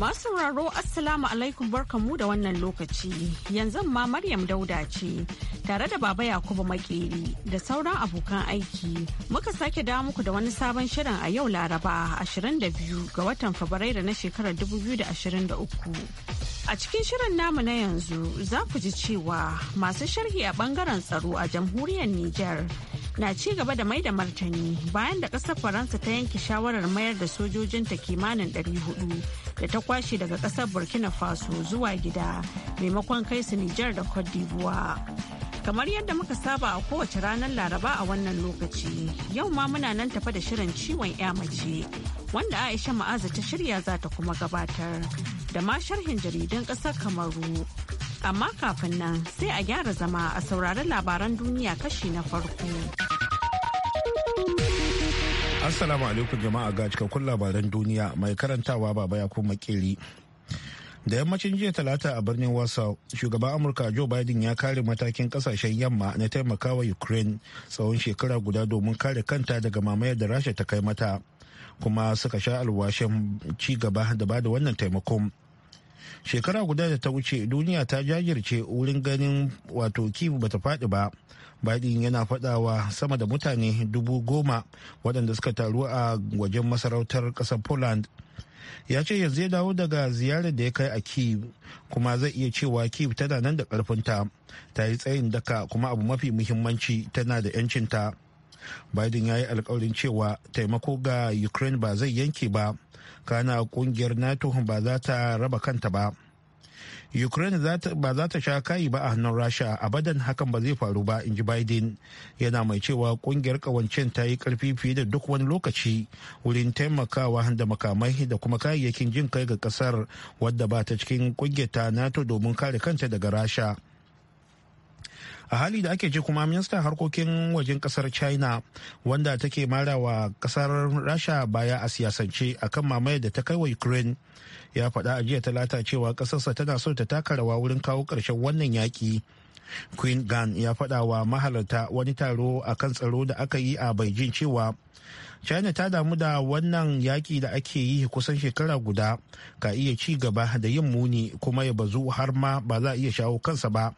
Masu raro Assalamu alaikum barkanmu da wannan lokaci. Yanzu ma Maryam Dauda ce tare da Baba Yakubu Makeri da sauran abokan aiki. Muka sake dawo muku da wani sabon shirin a yau Laraba 22 ga watan Fabrairu na shekarar 2023. A cikin shirin namu na yanzu za ku ji cewa masu sharhi a bangaren tsaro a jamhuriyar Nijar na ci gaba da mai da martani bayan da ƙasar faransa ta yanke shawarar mayar da sojojinta kimanin 400 da ta kwashe daga ƙasar burkina faso zuwa gida maimakon kai su nijar da cote d'ivoire kamar yadda muka saba a kowace ranar laraba a wannan lokaci yau ma muna nan tafa da shirin ciwon ya mace wanda aisha ma'aza ta shirya za ta kuma gabatar da ma sharhin jaridun ƙasar kamaru amma kafin nan sai a gyara zama a saurari labaran duniya kashi na farko. Assalamu alaikum jama'a ga cikakkun labaran duniya mai karantawa baba ya kuma kiri. Da yammacin jiya talata a birnin Warsaw, shugaban Amurka Joe Biden ya kare matakin kasashen yamma na taimakawa Ukraine tsawon shekara guda domin kare kanta daga mamayar da Rasha ta kai mata. Kuma suka sha alwashin ci gaba da ba da wannan taimakon. Shekara guda da ta wuce duniya ta jajirce wurin ganin wato kivu bata faɗi ba. Biden yana faɗawa sama da mutane dubu goma waɗanda suka taru a wajen masarautar ƙasar Poland. Ya ce yanzu ya dawo daga ziyarar da ya kai a Kiev kuma zai iya cewa Kiev tana nan da ƙarfinta, ta yi tsayin daka kuma abu mafi muhimmanci tana da 'yancinta. Biden ya yi alkawarin cewa taimako ga Ukraine ba zai yanke ba, kana ƙungiyar NATO ba za ta raba kanta ba. ukraine ba za ta sha kayi ba a hannun rasha abadan hakan ba zai faru ba in ji biden yana mai cewa kungiyar kawancin ta yi karfi fiye da duk wani lokaci wurin taimakawa da makamai da kuma kayayyakin jin kai ga kasar wadda ba ta cikin kungiyar ta nato domin kare kanta daga rasha a hali da ake ji kuma Minista harkokin wajen kasar china wanda take mara wa kasar rasha baya a siyasance akan mamayar da ta kai wa ukraine ya faɗa a jiya talata cewa ƙasarsa tana so ta taka rawa wurin kawo ƙarshen wannan yaƙi queen gan ya faɗa wa mahalarta wani taro a kan tsaro da aka yi a beijing cewa china ta damu da wannan yaƙi da ake yi kusan shekara guda ka iya ci gaba da yin muni kuma ya bazu har ma ba za a iya shawo kansa ba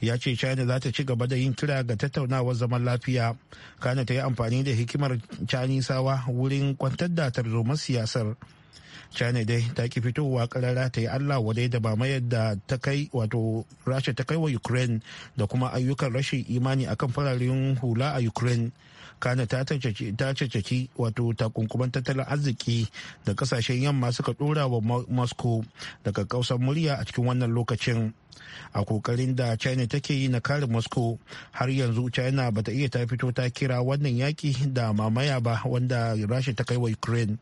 ya ce china za ta ci gaba da yin kira ga tattaunawar zaman lafiya kana ta yi amfani da hikimar canisawa wurin kwantar da tarzoma siyasar china dai ta ki fitowa karara ta yi allah wadai da ba mayar da ta kai wato rasha ta kai wa ukraine da kuma ayyukan rashin imani akan fararen hula a ukraine kana ta cacaki wato takunkuman tattalin arziki da kasashen yamma suka dora wa moscow daga kausar murya a cikin wannan lokacin a kokarin da china take yi na kare moscow har yanzu china bata iya ta fito ta kira wannan yaki da mamaya ba wanda rasha ta kai wa ukraine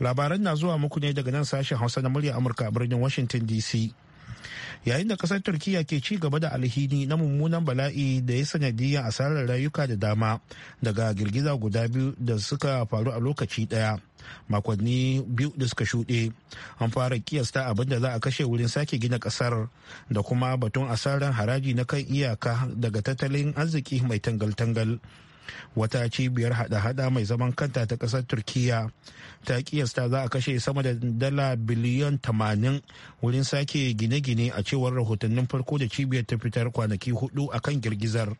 labaran na zuwa muku ne daga nan sashen hausa na murya amurka a birnin washington dc yayin da kasar turkiya ke ci gaba da alhini na mummunan bala'i da ya sanadiyyar asarar rayuka da dama daga girgiza guda biyu da suka faru a lokaci daya makonni biyu da suka shuɗe an fara kiyasta abinda za a kashe wurin sake gina kasar da kuma batun asarar haraji na kan iyaka daga tattalin arziki mai tangal-tangal wata cibiyar hada-hada mai zaman kanta ta kasar turkiya ta kiyasta za a kashe sama da dala biliyan tamanin wurin sake gine-gine a cewar rahotannin farko da cibiyar ta fitar kwanaki hudu a kan girgizar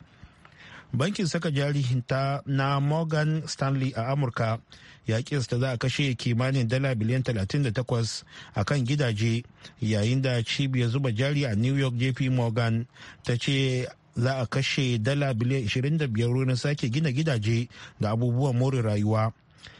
bankin saka jari ta na morgan stanley a amurka ya kiyasta za a kashe kimanin dala biliyan 38 a kan gidaje yayin da cibiyar zuba jari a new york jp morgan ta ce za a kashe dala biliyan 25 wurin sake gina gidaje da abubuwan more rayuwa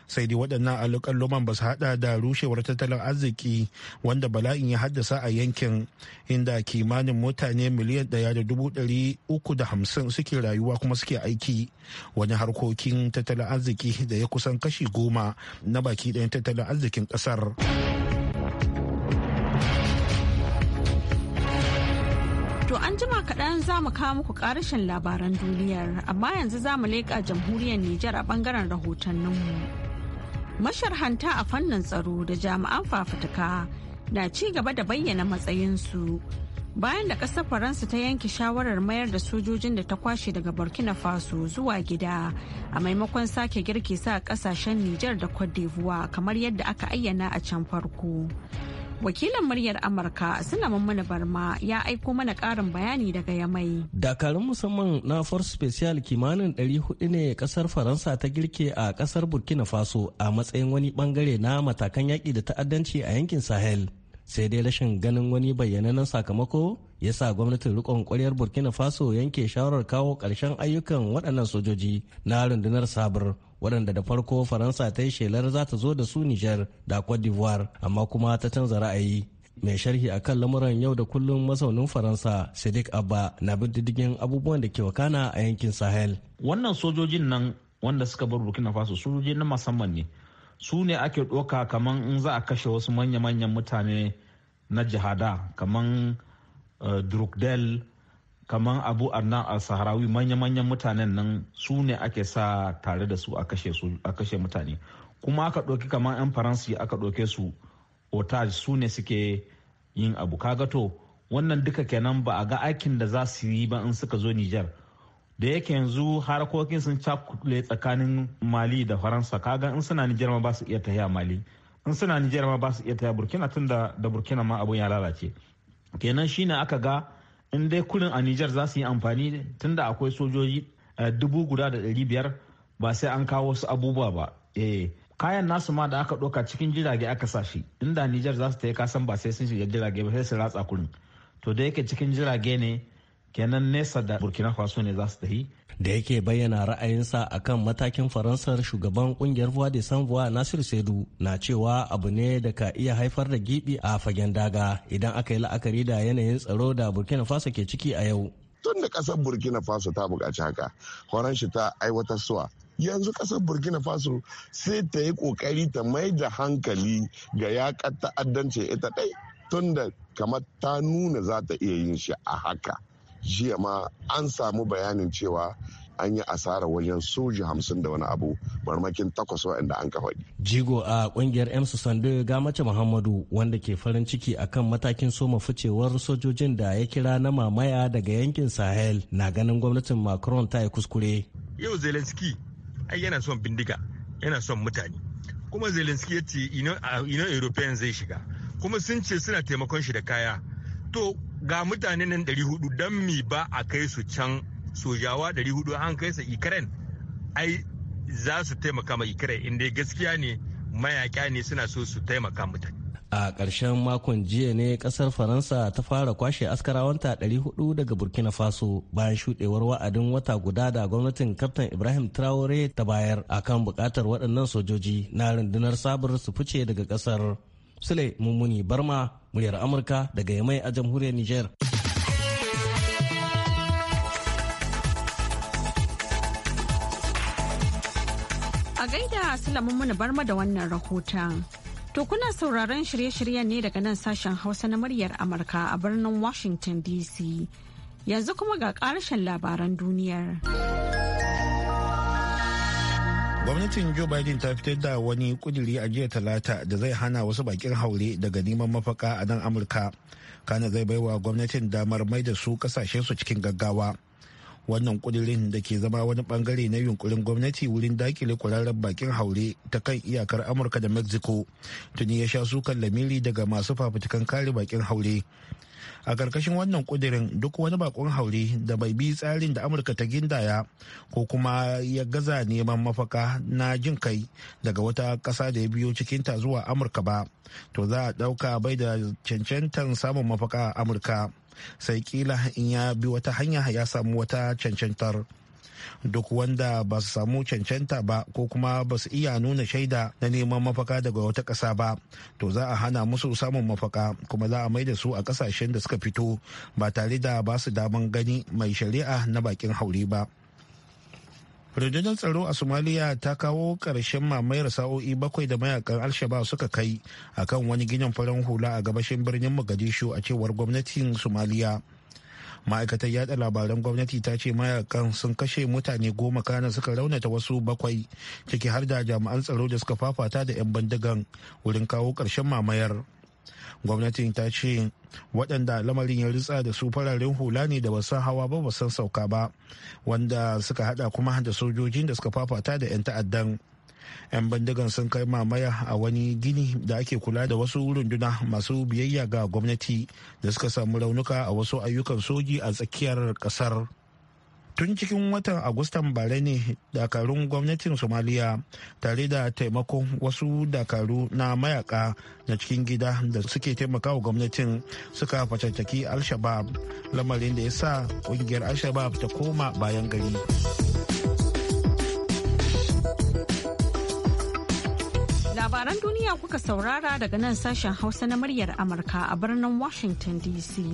sai dai waɗannan loman ba su hada da rushewar tattalin arziki wanda bala'in ya haddasa a yankin inda kimanin mutane miliyan ɗaya da dubu ɗari uku da hamsin suke rayuwa kuma suke aiki wani harkokin tattalin arziki da ya kusan kashi goma na baki ɗayan tattalin arzikin ƙasar. To an kaɗan za mu kawo muku ƙarashin labaran duniyar amma yanzu za mu leƙa jamhuriyar Nijar a ɓangaren rahotanninmu. hanta a fannin tsaro da jami'an fafutuka na ci gaba da bayyana matsayinsu bayan da ƙasar Faransa ta yanke shawarar mayar da sojojin da ta kwashe daga Burkina Faso zuwa gida a maimakon sake girke sa ƙasashen Nijar da Cote d'Ivoire kamar yadda aka ayyana a can farko. wakilin muryar amurka suna mana barma ya aiko mana karin bayani daga yamai dakarun musamman na force special kimanin 400 ne kasar faransa ta girke a kasar burkina faso a matsayin wani bangare na matakan yaƙi da ta'addanci a yankin sahel sai dai rashin ganin wani bayyanannen sakamako ya sa gwamnatin rikon kwaryar burkina faso yanke shawarar kawo ƙarshen ayyukan waɗannan sojoji na rundunar sabur waɗanda da farko faransa ta yi shelar za ta zo da su nijar da cote d'ivoire amma kuma ta canza ra'ayi mai sharhi a kan lamuran yau da kullum masaunin faransa sadiq abba na bin diddigin abubuwan da ke wakana a yankin sahel wannan sojojin nan wanda suka bar burkina faso sojoji na musamman ne su ne ake ɗoka kamar in za a kashe wasu manya-manyan mutane na jihada kamar uh, eh, kamar abu nan a saharawi manya-manyan mutanen nan su ne ake sa tare da su a kashe mutane kuma aka ɗauki kamar 'yan faransi aka ɗauke su otal su ne suke yin abu kaga to wannan duka kenan ba a ga aikin da za su yi ba in suka zo nijar da yake yanzu harkokin sun cakule tsakanin mali da faransa kaga in suna nijar ma ba su iya tahiya mali in suna nijar ma ba su iya tahiya burkina tun da burkina ma abun ya lalace kenan shine aka ga in dai kurin a Nijar za su yi amfani tunda akwai sojoji eh, dubu guda da ɗari biyar ba sai an kawo su abubuwa ba eh kayan nasu ma da aka ɗauka cikin jirage aka sa shi inda Nijar za su ta yi kasan ba sai sun shiga jirage ba sai su ratsa kurin to da yake cikin jirage ne kenan nesa da burkina faso ne za su tafi da yake bayyana ra'ayinsa akan matakin faransar shugaban kungiyar voix de san voix nasir sedu na cewa abu ne da ka iya haifar da gibi a fagen daga idan aka yi la'akari da yanayin tsaro da burkina faso ke ciki a yau tun da kasar burkina faso ta buƙaci haka horon shi ta aiwatar suwa yanzu kasar burkina faso sai ta yi ƙoƙari ta mai da hankali ga yaƙar ta'addanci ita ɗai tunda kamar ta nuna za ta iya yin shi a haka jiya ma an samu bayanin cewa an yi asara wajen soji hamsin da wani abu marmakin takwas waɗanda an kafa. Jigo a kungiyar m sande ga mace Muhammadu wanda ke farin ciki akan matakin soma ficewar sojojin da ya kira na mamaya daga yankin Sahel na ganin gwamnatin Macron ta yi kuskure. Yau zelenski ai yana son bindiga yana son mutane kuma zelenski ya ce ino uh, European zai shiga kuma sun ce suna taimakon shi da kaya to ga mutane nan 400 don mi ba a kai su can sojawa 400 an kai su ukraine ai za su taimaka ma ukraine inda gaskiya ne mayaƙa ne suna so su taimaka mutane a ƙarshen makon jiya ne ƙasar faransa ta fara kwashe askarawanta 400 daga burkina faso bayan shuɗewar wa'adin wata guda da gwamnatin kaftan ibrahim traore ta bayar akan buƙatar waɗannan sojoji na rundunar sabar su fice daga ƙasar sule mummuni barma muryar Amurka daga Yamai a jamhuriyar Nijar. A gaida Sulaiman mana barma da wannan rahoton. To kuna sauraron shirye-shiryen ne daga nan sashen Hausa na muryar Amurka a birnin Washington DC. Yanzu kuma ga ƙarshen labaran duniyar. gwamnatin joe biden ta fitar da wani kuduri a jiya talata da zai hana wasu bakin haure daga neman mafaka a nan amurka kana zai baiwa gwamnatin damar mai da su kasashe su cikin gaggawa wannan kudirin da ke zama wani bangare na yunkurin gwamnati wurin dakile kuraren bakin haure ta kan iyakar amurka da mexico tuni ya sha sukan lamiri daga masu fafutukan kare bakin haure a ƙarƙashin wannan ƙudirin duk wani bakon haure da bai bi tsarin da amurka ta gindaya ko kuma ya gaza neman mafaka na jin kai daga wata ƙasa da ya biyo cikin ta zuwa amurka ba to za a ɗauka bai da cancantar samun mafaka a amurka sai kila in ya bi wata hanya ya samu wata cancantar duk wanda ba su samu cancanta ba ko kuma ba su iya nuna shaida na neman mafaka daga wata ƙasa ba to za a hana musu samun mafaka kuma za a mai da su a ƙasashen da suka fito ba tare da ba su daman gani mai shari'a na bakin haure ba rundunar tsaro a somaliya ta kawo ƙarshen mamayar sa'o'i bakwai da mayakan alshaba suka kai akan wani ginin farin hula a gabashin birnin mogadishu a cewar gwamnatin somaliya ma'aikatar yada labaran gwamnati ta ce mayakan sun kashe mutane goma kana suka raunata wasu bakwai ciki har da jami'an tsaro da suka fafata da 'yan bindigan wurin kawo karshen mamayar gwamnatin ta ce waɗanda lamarin ya ritsa da su fararen hula ne da basan hawa ba basan sauka ba wanda suka hada kuma da sojojin da suka fafata da 'yan ta'addan 'yan bindigan sun kai mamaya a wani gini da ake kula da wasu runduna masu biyayya ga gwamnati da suka samu raunuka a wasu ayyukan soji a tsakiyar kasar tun cikin watan agustan bare ne dakarun gwamnatin somaliya tare da taimakon wasu dakaru na mayaka na cikin gida da suke taimakawa gwamnatin suka fatattaki al-shabab lamarin da ya sa kungiyar al-shabab ta koma bayan gari. Labaran duniya kuka saurara daga nan sashen Hausa na muryar Amurka a birnin Washington DC.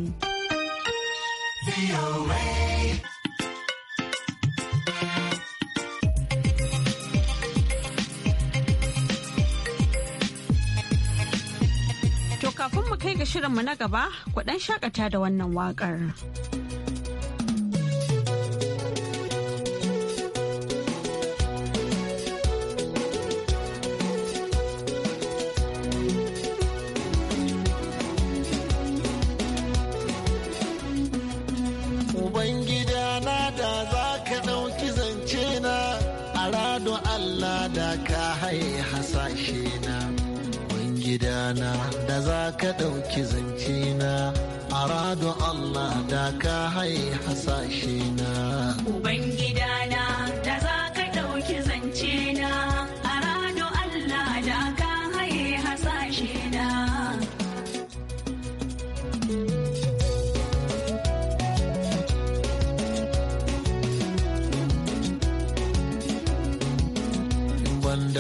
To kafin mu kai ga shirinmu na gaba, kuɗan shakata da wannan wakar. gidana da za ka ɗauki zance na a Allah da ka hai hasashe na.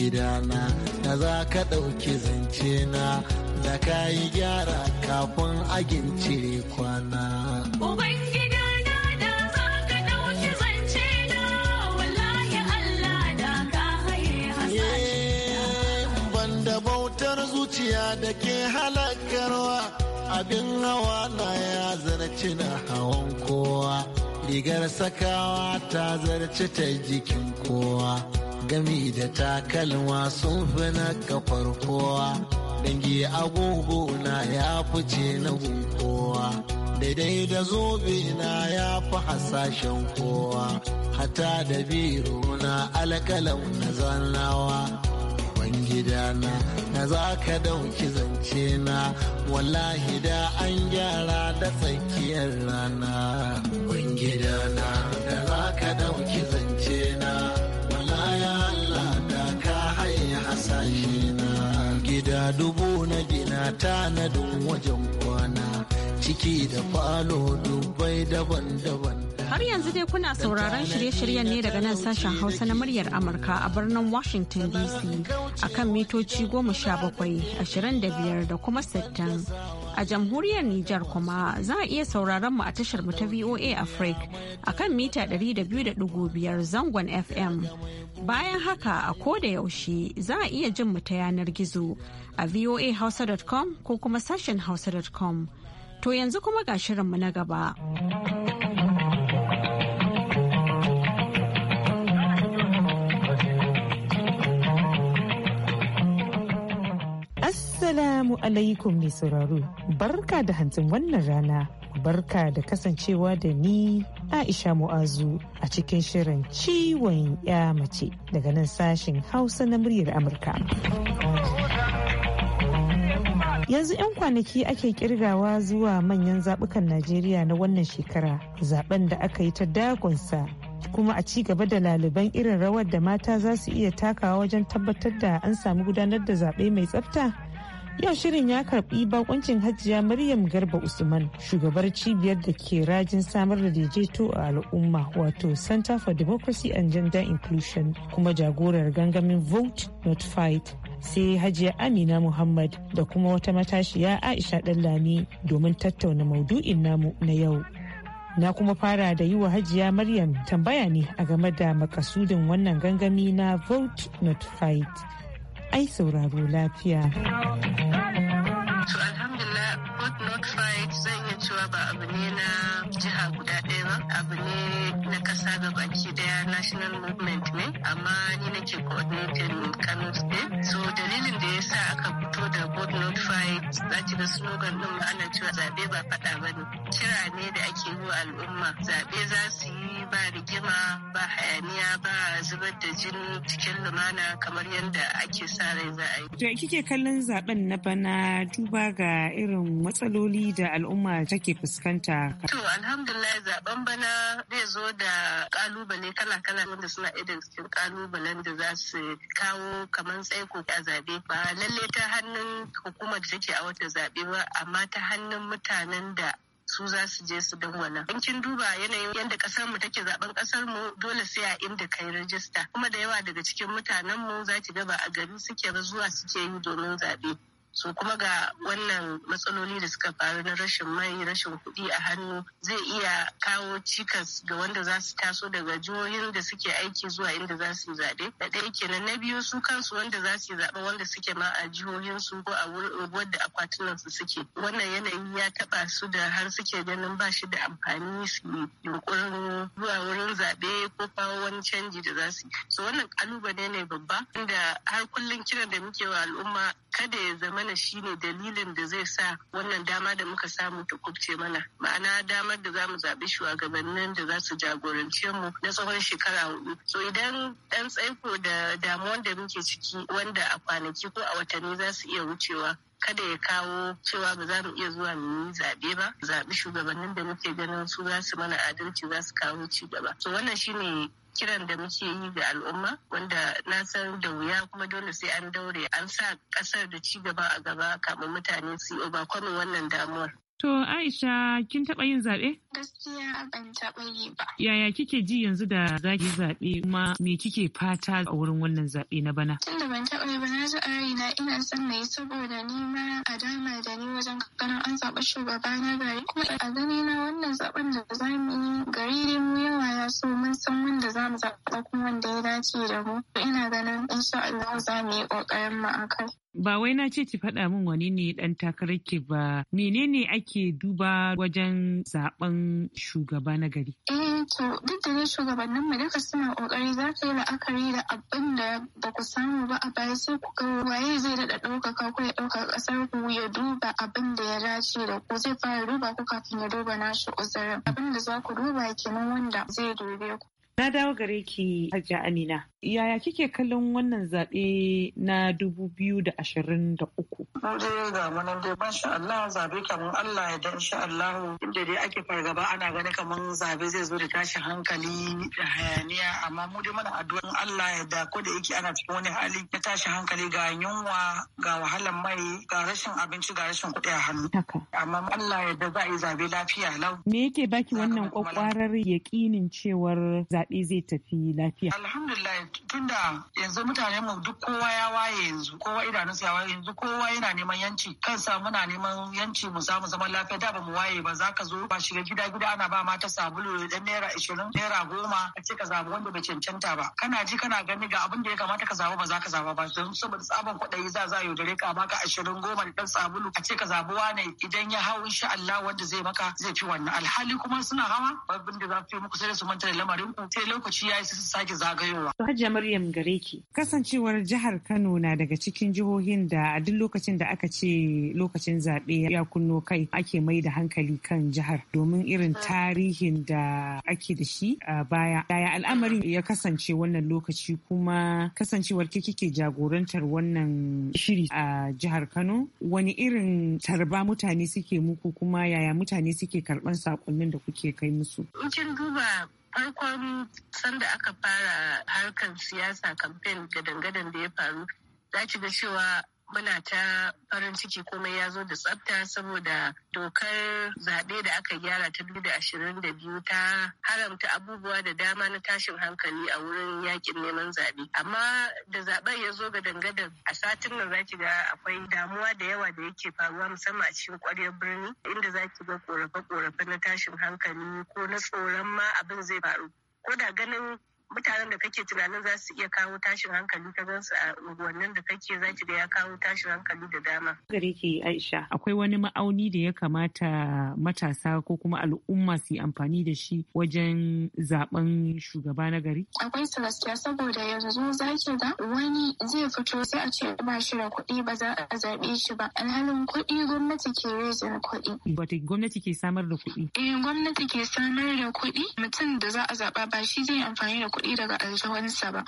gidana da za ka ɗauki zance na da ka yi gyara kafin a cire kwana. da bautar zuciya da ke halakarwa abin hawa na ya zarci na hawan kowa rigar sakawa ta zarci ta jikin kowa gami da takalma sun fi na kafar kowa dangi agogo na ya fice na kowa daidai da zobe na ya fi hasashen kowa hata da biro na alkalau na zannawa gidana na za ka dauki zance na wallahi da an gyara da tsakiyar rana gidana da za ka dauki dubu na gina tanadin wajen kwana ciki da falo dubbai daban-daban Har yanzu dai kuna sauraron shirye-shiryen ne daga nan sashen Hausa na muryar Amurka a birnin Washington DC a kan mitoci 17-25 da kuma 60. A jamhuriyar Nijar kuma za a iya sauraron mu a tashar mu ta VOA Africa a kan mita 200.5 zangon FM. Bayan haka a koda yaushe za a iya jin mu ta yanar gizo a voahausa.com ko kuma sashen hausa.com. To yanzu kuma ga shirinmu na gaba. Assalamu alaikum mai sauraro, barka da hantsin wannan rana, barka da kasancewa da ni Aisha Mu'azu a cikin shirin ciwon ya mace daga nan sashen Hausa na muryar Amurka. yanzu 'yan kwanaki ake kirgawa zuwa manyan zabukan najeriya na wannan shekara zaben da aka yi ta dagonsa kuma a ci gaba da laliban irin rawar da mata za su iya takawa wajen tabbatar da an samu gudanar da zaɓe mai tsafta Yau shirin ya karbi bakuncin Hajiya Maryam Garba Usman, shugabar cibiyar da ke rajin samar da daidaito a al'umma wato Center for Democracy and Gender Inclusion kuma jagorar gangamin Vote Not Fight. sai hajiya amina muhammad da kuma wata matashiya aisha dallami domin tattauna maudu'in namu na yau na kuma fara da yi wa hajiya maryam tambaya ne a game da makasudin wannan gangami na vote not fight ai sauraro lafiya ƙasa ga baki daya national movement ne amma ni nake coordinating kano state so dalilin da ya sa aka fito da board za ki slogan din ana cewa zaɓe ba faɗa ba ne kira ne da ake yi wa al'umma zaɓe za su yi ba rigima ba hayaniya ba zubar da jini cikin lumana kamar yadda ake sa rai za a yi. To kike kallon zaɓen na bana duba ga irin matsaloli da al'umma take fuskanta. To alhamdulillah zaɓen bana zai zo da kalubale kala-kala wanda suna irin cikin kalubalen da za su kawo kamar tsaiko a zaɓe. ba lalle ta hannun hukumar da take a wata zaɓe ba amma ta hannun mutanen da su za su je su dangwala. In kin duba yanayin yadda kasar mu take zaben ƙasar mu dole sai a inda kai rajista kuma da yawa daga cikin mutanen mu za ki ga ba a gari suke zuwa suke yi domin zaɓe. Su kuma ga wannan matsaloli da suka faru na rashin mai rashin kuɗi a hannu zai iya kawo cikas ga wanda za su taso daga jihohin da suke aiki zuwa inda za su yi zaɓe da ɗaya kenan na biyu su kansu wanda za su yi zaɓe wanda suke ma a jihohin su ko a unguwar da akwatunan su suke wannan yanayi ya taɓa su da har suke ganin ba shi da amfani su yunkurin zuwa wurin zaɓe ko kawo wani canji da za su yi so wannan ƙalubale ne babba inda har kullum kiran da muke wa al'umma kada ya zama mana shine dalilin da zai sa wannan dama da muka samu ta kubce mana ma'ana damar da za mu zaɓi shugabannin da za su jagorance mu na tsawon shekara hudu so idan ɗan tsaiko da damuwan da muke ciki wanda a kwanaki ko a watanni za su iya wucewa kada ya kawo cewa ba za mu iya zuwa mu yi zaɓe ba zaɓi shugabannin da muke ganin su za su mana adalci za su kawo ci gaba to wannan shine kiran da muke yi ga al'umma wanda na san da wuya kuma dole sai an daure an sa kasar da ci gaba a gaba kamar mutane su kwamin wannan damuwar. To Aisha kin taɓa yin zaɓe? Gaskiya ban taɓa yi ba. Yaya kike ji yanzu da za ki zaɓe kuma me kike fata a wurin wannan zaɓe na bana? Tunda ban taɓa yi ba na ji arina ina son na yi saboda ni ma a dama da ni wajen ganin an zaɓa shugaba na gari kuma a gani na wannan zaɓen da za mu yi gari ne mu yawa ya so mun san wanda za mu zaɓa kuma wanda ya dace da mu. Ina ganin insha Allah za mu yi ƙoƙarin mu akai. Ba wai na ce ki faɗa min wani ne ɗan takarar ki ba menene ake duba wajen zaben shugaba na gari? Eh to duk da shugabannin mu duka suna kokari za ka yi la'akari da abin da ba ku samu ba a baya sai ku ga waye zai daɗa ɗaukaka ku ya ƙasar ku ya duba abin da ya dace da ku zai fara duba ku kafin ya duba nashi uzurin abin da za ku duba kenan wanda zai dube ku. Na dawo gare ki Hajiya Amina. Yaya kike kallon wannan zaɓe na dubu biyu da ashirin da uku? Mun je ga manan dai masha Allah zaɓe kamar Allah ya dan sha Allah inda dai ake fargaba ana gani kamar zabe zai zo da tashi hankali da hayaniya amma mu dai mana addu'a Allah ya da ko da yake ana cikin wani hali na tashi hankali ga yunwa ga wahalan mai ga rashin abinci ga rashin kuɗi a hannu. Amma Allah ya da za a yi zaɓe lafiya lau. Me yake baki wannan kwakwarar yakinin cewar zaɓe zaɓe zai tafi lafiya. Alhamdulillah tunda yanzu mutanen mu duk kowa ya waye yanzu kowa su ya waye yanzu kowa yana neman yanci kansa muna neman yanci mu samu zaman lafiya da ba mu waye ba za ka zo ba shiga gida gida ana ba mata sabulu da naira ishirin naira goma a ce ka zaɓi wanda bai cancanta ba kana ji kana gani ga abin da ya kamata ka zaɓi ba za ka zaɓi ba don saboda tsaban kwaɗayi za za yau dare ka baka ashirin goma da ɗan sabulu a ce ka zaɓi wane idan ya hau insha Allah wanda zai maka zai fi wannan alhali kuma suna hawa babin da za su yi muku sai su manta da lamarin ku sai lokaci ya yi su sake zagayowa. To Hajiya Maryam gare ki. Kasancewar jihar Kano na daga cikin jihohin da a duk lokacin da aka ce lokacin zaɓe ya kunno kai ake mai da hankali kan jihar domin irin mm. tarihin da ake da shi a baya. Yaya al'amarin mm. ya kasance wannan lokaci kuma kasancewar ke kike jagorantar wannan shiri a jihar Kano wani irin tarba mutane suke muku kuma yaya mutane suke karɓar sakonnin da kuke kai musu. In kin duba farkon sanda aka fara harkar siyasa kamfen gadangadan da ya faru za ki ga cewa muna ta farin ciki komai ya zo da tsafta saboda dokar zaɓe da aka gyara ta biyu da ashirin da biyu ta haramta abubuwa da dama na tashin hankali a wurin yakin neman zaɓe amma da zaɓen ya zo ga dangadan a satin nan zaki ga akwai damuwa da yawa da yake faruwa musamman a cikin ƙwaryar birni inda zaki ga ƙorafe-ƙorafe na tashin hankali ko na tsoron ma abin zai faru ko da ganin mutanen da kake tunanin za su iya kawo tashin hankali ka gan su a unguwannin da kake za ki da ya kawo tashin hankali da dama. Gare ki Aisha akwai wani ma'auni da ya kamata matasa ko kuma al'umma su yi amfani da shi wajen zaben shugaba na gari? Akwai su gaskiya saboda yanzu za ki ga wani zai fito sai a ce ba shi da kuɗi ba za a zaɓe shi ba alhalin kuɗi gwamnati ke rezin kuɗi. Wata gwamnati ke samar da kuɗi? Eh gwamnati ke samar da kuɗi mutum da za a zaɓa ba shi zai amfani da kuɗi kuɗi daga aljihunsa ba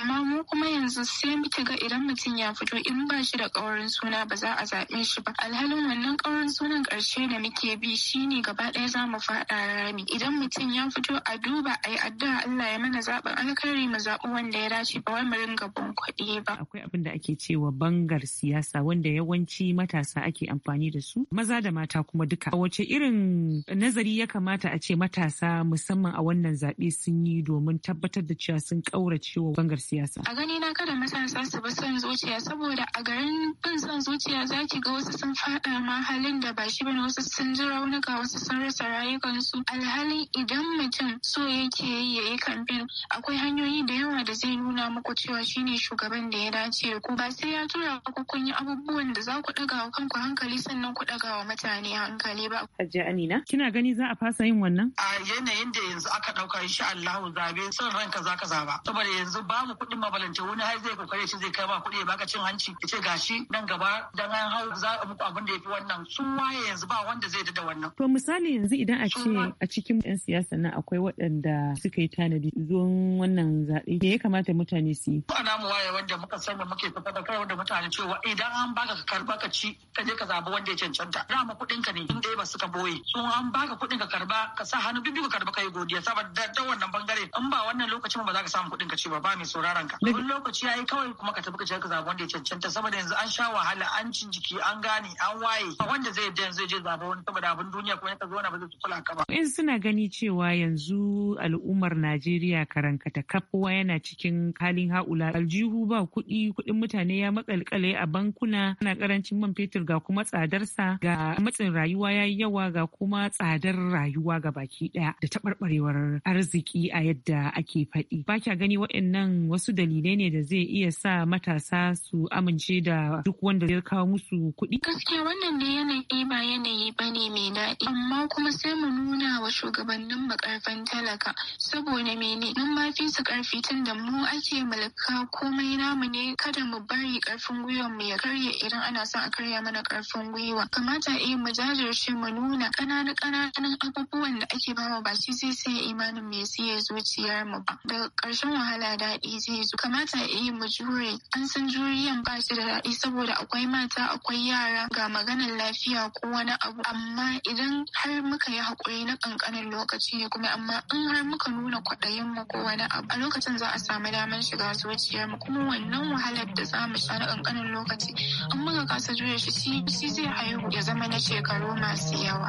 amma mu kuma yanzu sai muke ga idan mutum ya fito in ba shi da ƙaurin suna ba za a zaɓe shi ba alhalin wannan ƙaurin sunan ƙarshe da muke bi ne gaba ɗaya za mu faɗa rami idan mutum ya fito a duba a yi addu'a Allah ya mana zaɓin alkhairi mu zaɓi wanda ya dace ba wai mu ringa bin kuɗi ba akwai abin da ake cewa bangar siyasa wanda yawanci matasa ake amfani da su maza da mata kuma duka wace irin nazari ya kamata a ce matasa musamman a wannan zaɓe sun yi domin tabbatar tabbatar da cewa sun kaurace wa bangar siyasa. A gani na kada matasa su bi son zuciya saboda a garin bin son zuciya za ki ga wasu sun faɗa ma halin da ba shi bane wasu sun ji raunuka wasu sun rasa rayukansu alhalin idan mutum so yake yi ya yi kamfen akwai hanyoyi da yawa da zai nuna muku cewa shine shugaban da ya dace ku ba sai ya tura ku kun yi abubuwan da za ku ɗaga wa kanku hankali sannan ku ɗaga wa mutane hankali ba. Amina kina gani za a fasa yin wannan? A yanayin da yanzu aka ɗauka insha Allah zabe son ran miliyan kaza kaza ba saboda yanzu ba mu kuɗin mabalance wani har zai kokare shi zai kai ba kuɗi baka cin hanci ya ce gashi nan gaba dan an hau za a muku abin da yafi wannan sun waye yanzu ba wanda zai da wannan to misali yanzu idan a ce a cikin yan siyasa na akwai waɗanda suka yi tanadi zuwan wannan zaɓe me ya kamata mutane su yi ana mu waye wanda muka sani muke da kai wanda mutane cewa idan an baka ka karba ka ci ka je ka zabi wanda ya cancanta dama kuɗin ka ne in dai ba suka boye sun an baka kuɗin ka karba ka sa hannu bibi ka karba kai godiya saboda da wannan bangare in ba wannan lokacin ba za ka samu kuɗin ka ba ba mai sauraron ka wani lokaci ya yi kawai kuma ka tafi ka je ka zaɓi wanda ya cancanta saboda yanzu an sha wahala an cin jiki an gane an waye wanda zai je zai je zaɓa wani saboda abin duniya kuma yanka zauna ba zai kula ka ba in suna gani cewa yanzu al'ummar Najeriya karankata kafuwa yana cikin halin haula aljihu ba kuɗi kuɗin mutane ya makalkale a bankuna ana karancin man fetur ga kuma tsadarsa ga matsin rayuwa yi yawa ga kuma tsadar rayuwa ga baki ɗaya da taɓarɓarewar arziki a yadda ake faɗi ba kya gani waɗannan wasu dalilai ne da zai iya sa matasa su amince da duk wanda zai kawo musu kuɗi gaskiya wannan da yanayi ba yanayi ba ne mai daɗi amma kuma sai mu nuna wa shugabannin makarfan talaka saboda mene mun ma fi su karfi tun da mu ake mulka komai namu ne kada mu bari ƙarfin gwiwar mu ya karya idan ana son a karya mana ƙarfin gwiwa kamata a eh yi mu jajirce mu nuna ƙananan ƙananan abubuwan da ake bawa ba shi zai sai imanin mai siya zuciyar mu daga ƙarshen wahala daɗi zai zo kamata yi mu jure an san juriyan ba shi da daɗi saboda akwai mata akwai yara ga maganar lafiya ko wani abu amma idan har muka yi hakuri na ƙanƙanin lokaci ne kuma amma in har muka nuna kwaɗayin mu ko wani abu a lokacin za a samu damar shiga zuciyar mu kuma wannan wahalar da za mu sha na ƙanƙanin lokaci in muka kasa jure shi shi zai haihu ya zama na shekaru masu yawa.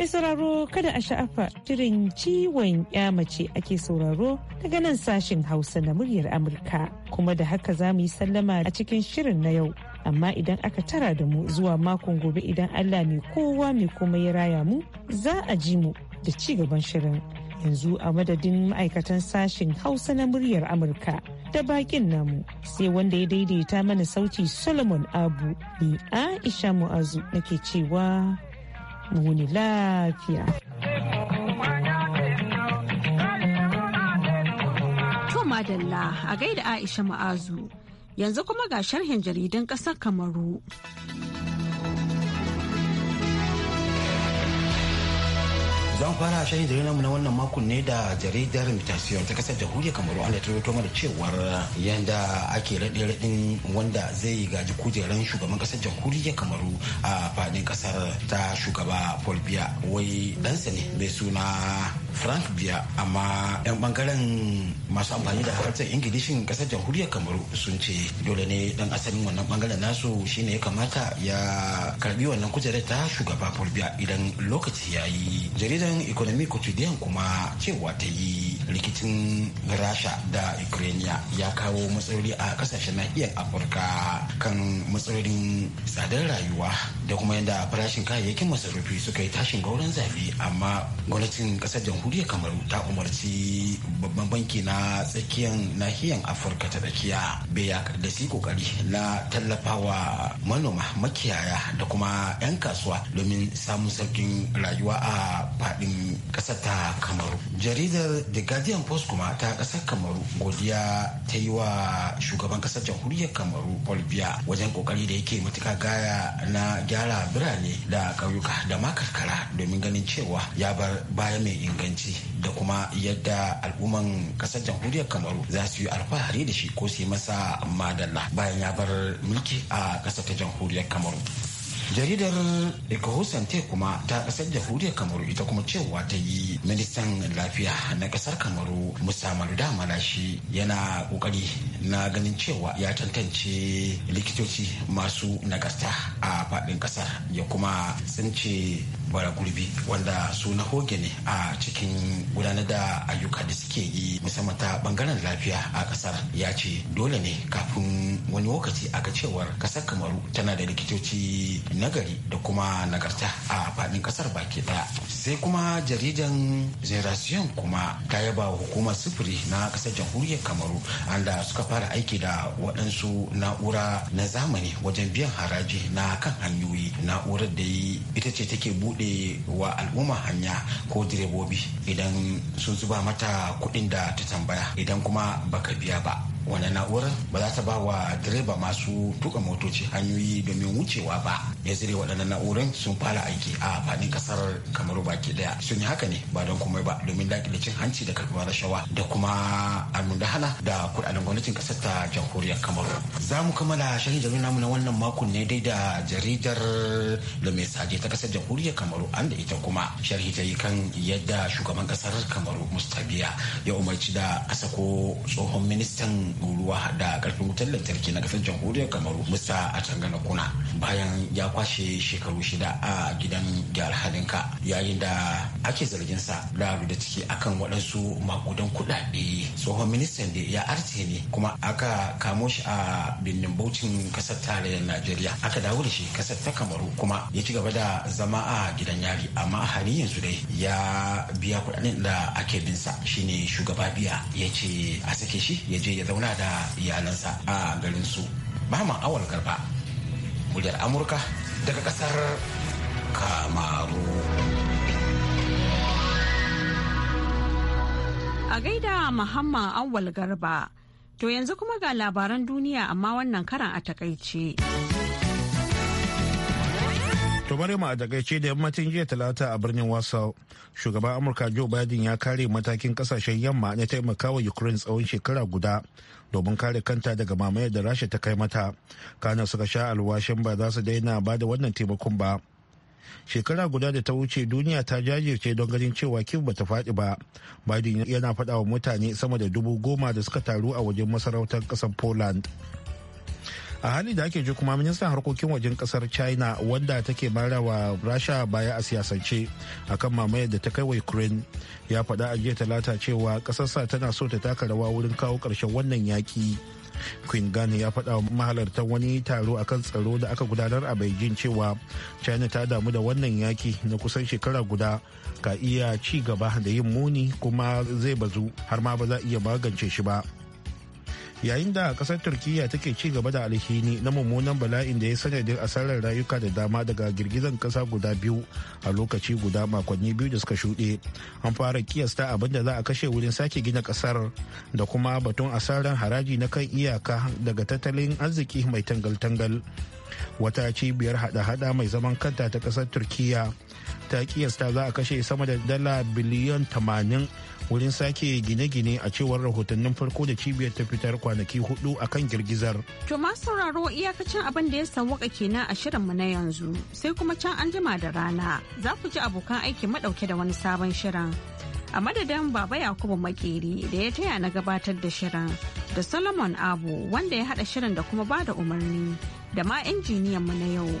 Mai sauraro kada a sha'afa shirin ciwon ya mace ake sauraro daga nan sashin Hausa na muryar Amurka. Kuma da haka za mu yi sallama a cikin shirin na yau. Amma idan aka tara da mu zuwa makon gobe idan Allah mai kowa mai kuma ya raya mu za a ji mu da ci gaban shirin. Yanzu a madadin ma'aikatan sashin Hausa na muryar Amurka. da bakin namu sai wanda ya daidaita mana sauti solomon abu ni aisha mu'azu nake cewa mu wuni lafiya. To madalla a gaida Aisha Ma'azu yanzu kuma ga sharhin jaridan ƙasar Kamaru. zan fara shahin jaridar mu na wannan makon ne da jaridar mutation ta kasar jamhuriyar kamaru an da ta mana cewar yanda ake raɗe raɗin wanda zai gaji kujeran shugaban kasar jamhuriyar kamaru a faɗin kasar ta shugaba paul biya wai ɗansa ne mai suna frank biya amma 'yan bangaren masu amfani da harshen ingilishin kasar jamhuriyar kamaru sun ce dole ne dan asalin wannan bangaren nasu shine ya kamata ya karbi wannan kujerar ta shugaba paul idan lokaci ya yi jaridan economy quotidian kuma cewa ta yi rikicin rasha da ukraine ya kawo matsaloli a kasashen nahiyar afirka kan matsalolin tsadar rayuwa da kuma yadda farashin kayayyakin masarufi suka yi tashin gauran zafi amma gwamnatin kasar jamhuriyar jamhuriyar kamaru ta umarci babban banki na tsakiyar nahiyar afirka ta tsakiya bai ya da su kokari na tallafawa manoma makiyaya da kuma 'yan kasuwa domin samun sauƙin rayuwa a faɗin ƙasar ta kamaru jaridar the guardian post kuma ta ƙasar kamaru godiya ta yi wa shugaban ƙasar jamhuriyar kamaru paul wajen kokari da yake matuka gaya na gyara birane da ƙauyuka da ma karkara domin ganin cewa ya bar baya mai inganci al'adance da kuma yadda al'umman kasar jamhuriyar kamaru za su yi alfahari da shi ko su yi masa madalla bayan ya bar mulki a kasar ta jamhuriyar kamaru jaridar ecohosante kuma ta kasar jamhuriyar kamaru ita kuma cewa ta yi ministan lafiya na kasar kamaru musa maluda malashi yana kokari na ganin cewa ya tantance likitoci masu nagasta a faɗin kasar ya kuma tsince bara gurbi wanda su na hoge ne a cikin gudanar da ayyuka da suke yi musamman ta bangaren lafiya a kasar ya ce dole ne kafin wani lokaci aka cewar kasar kamaru tana da likitoci nagari da kuma nagarta a faɗin kasar baki daya sai kuma jaridan zerasiyon kuma ta yaba hukumar sufuri na kasar jamhuriyar kamaru anda suka fara aiki da waɗansu na'ura na zamani wajen biyan haraji na kan hanyoyi na'urar da ita ce take buɗe buɗe wa al'umma hanya ko direbobi idan sun zuba mata kuɗin da ta tambaya idan kuma baka biya ba wani na'urar ba za ta ba wa direba masu tuka motoci hanyoyi domin wucewa ba ya zire waɗannan na'urar sun fara aiki a faɗin ƙasar kamaru baki daya sun yi haka ne ba don komai ba domin daƙile cin hanci da karɓar rashawa da kuma hana da kuɗaɗen gwamnatin ƙasar ta jamhuriyar kamaru za mu kammala shahin jami'a namu na wannan makon ne dai da jaridar da mai sage ta ƙasar jamhuriyar kamaru an da ita kuma sharhi ta yi kan yadda shugaban ƙasar kamaru mustabiya ya umarci da kasa ko tsohon ministan ruwa da karfin wutar lantarki na kasar jamhuriyar kamaru musa a tangana kuna bayan ya kwashe shekaru shida a gidan gyar halinka yayin da ake zargin sa da da ciki akan waɗansu makudan kuɗaɗe tsohon ministan da ya arce ne kuma aka kamo shi a birnin bautin kasar tarayyar najeriya aka dawo da shi kasar ta kamaru kuma ya ci gaba da zama a gidan yari amma a yanzu dai ya biya kuɗaɗen da ake bin sa shine shugaba biya ya ce a sake shi ya je ya zama zauna da iyalansa a garin su Mahama Awal Garba muryar Amurka daga kasar Kamaru. A gaida Muhammad Awal Garba, to yanzu kuma ga labaran duniya amma wannan karan a takaice. To bari mu a takaice da yammacin jiya talata a birnin Warsaw, shugaban Amurka Joe Biden ya kare matakin kasashen yamma na taimakawa Ukraine tsawon shekara guda domin kare kanta daga mamayar da Rasha ta kai mata. Kana suka sha alwashin ba za su daina ba da wannan taimakon ba. Shekara guda da ta wuce duniya ta jajirce don ganin cewa Kiev bata faɗi ba. Biden yana faɗa wa mutane sama da dubu goma da suka taru a wajen masarautar ƙasar Poland. a hali da ake ji kuma ministan harkokin wajen kasar china wanda take mara wa rasha baya a siyasance akan mamayar da ta kai wa ukraine ya faɗa a jiya talata cewa ƙasarsa tana so ta taka rawa wurin kawo ƙarshen wannan yaki queen gani ya faɗa wa mahalartan wani taro a kan tsaro da aka gudanar a beijing cewa china ta damu da wannan yaki na kusan shekara guda ka iya ci gaba da yin muni kuma zai bazu har ma ba za a iya magance shi ba yayin da kasar turkiya take ci gaba da alhini na mummunan bala'in da ya sanadin asarar rayuka da dama daga girgizan kasa guda biyu a lokaci guda makonni biyu da suka shuɗe an fara kiyasta abin da za a kashe wurin sake gina kasar da kuma batun asarar haraji na kan iyaka daga tattalin arziki mai tangal-tangal wata cibiyar hada-hada mai zaman kanta ta kasar turkiya ta kiyasta za a kashe sama da dala biliyan tamanin wurin sake gine-gine a cewar rahotannin farko da cibiyar ta fitar kwanaki hudu a kan girgizar. To ma sauraro iyakacin abin da ya sawwaka kenan a shirin mu na yanzu sai kuma can an jima da rana za ku ji abokan aiki madauke da wani sabon shirin. A madadin Baba Yakubu Makeri da ya taya na gabatar da shirin da Solomon Abu wanda ya haɗa shirin da kuma ba da umarni da ma injiniyan mu na yau.